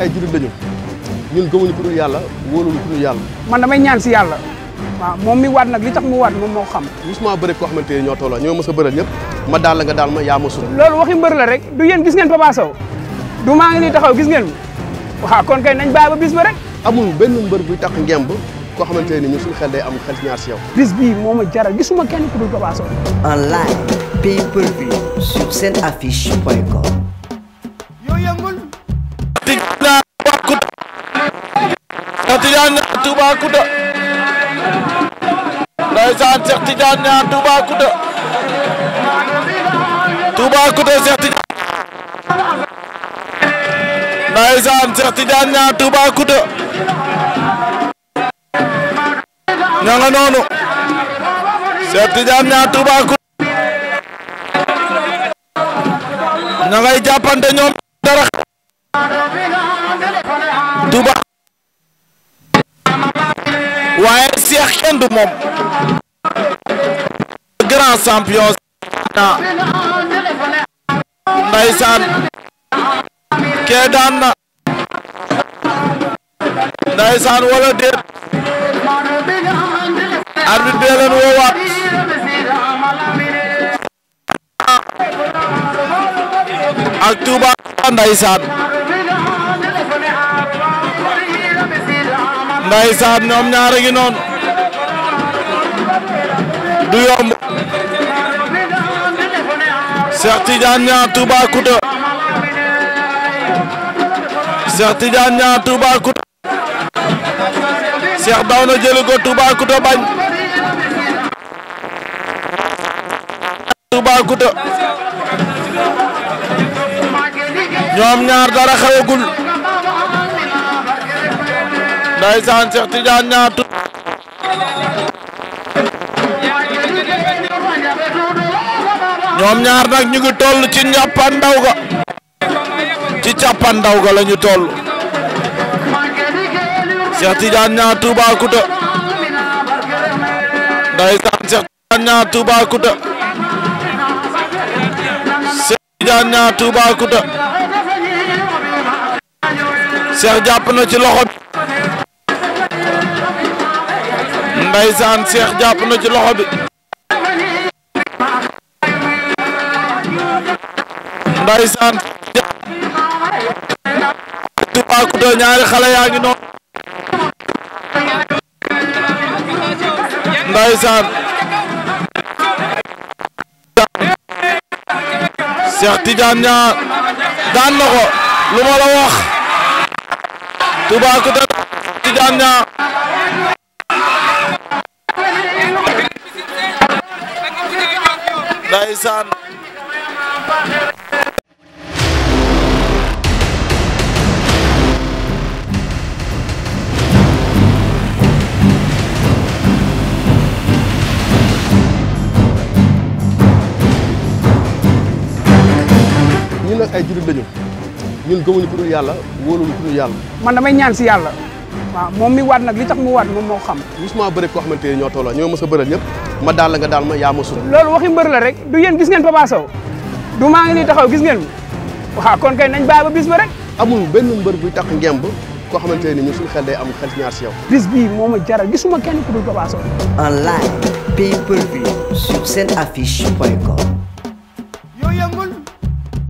ay jullit lañu ñun gëmuñu ku dul yàlla wóoluñu ku dul yàlla. man damay ñaan si yàlla. waaw moom mi waat nag li tax mu waat moom moo xam. gisuma bëri koo xamante ñoo tolloo ñoo mës a bëral ñëpp ma daal la nga daal ma yaa ma suuf. loolu waxi mbër la rek du yéen gis ngeen Papa Sow kon kay nañ bàyyi ba bis ba rek. amul benn mbër buy tax ngemb koo xamante ne ñun suñu xel day am xel ñaar si yow. bis bii moo ma jaral gisuma kenn ku dul Papa Sow. en live pay per view sur seen affiche point com. Cheikh Tidiane Niang Toubacouta ndeysaan Cheikh Tidiane Niang Toubacouta Toubacouta Cheikh Tidiane ndeysaan Cheikh Tidiane Niang Toubacouta ña nga noonu Cheikh Tidiane Niang Toubacouta ña ngay jàppante ñoom dara Touba waaye Cheikh kenn du moom grand champion na ndaysaan na ndaysaan wala déet arbitre bi leen woowaat ndeysaan ñoom ñaar a ngi noonu du yomb Cheikh Tidiane Niang Toubacouta Cheikh Tidiane Niang Toubacouta Cheikh daw na jëli ko bañ Toubacouta ñoom ñaar dara xewagul ndaysaan Cheikh Tidiane ñaatu ñoom ñaar nag ñu ngi toll ci njàppandaw ga ci càppandaw ga la ñu toll Cheikh Tidiane ñaar Toubacouta ndaysaan Cheikh Tidiane ñaar Toubacouta Cheikh Tidiane ñaar Toubacouta Cheikh jàpp na ci loxo Ndeysaan Cheikh jàpp na ci loxo bi. Ndeysaan. Toubacouta ñaari xale yaa ngi noonu. Ndeysaan. Cheikh Tidiane ñaar daan na ko lu ma la wax. Toubacouta Cheikh Tidiane ñaar. ndeysaan ñun nag ay jullit lañu ñun gëmuñu ku yàlla wóoluñu ku dul yàlla man damay ñaan si yàlla waaw moom mi waat nag li tax mu waat moom moo xam musuma bëri koo xamante ne ñoo tolloo ñoo mos a bëral ñëpp ma daal la nga daal ma yaa ma sut loolu waxi mbër la rek du yéen gis ngeen Papa Sow du maa ngi nii taxaw gis ngeen waaw kon kay nañ bàyyi ba bis ba rek amul benn mbër buy tax ngemb koo xamante ne ñun suñu xel day am xel ñaar si yow bis bii moo ma jaral gisuma kenn ku dul Papa Sow en live pay per view sur seen affiche point